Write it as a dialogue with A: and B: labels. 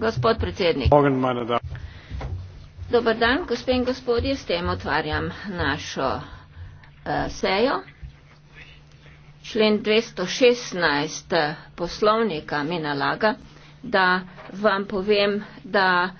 A: gospod predsednik dober dan gospe in gospodje s tem otvarjam našo uh, sejo člen dvesto
B: šestnajst eh, poslovnika mi nalaga da vam povem da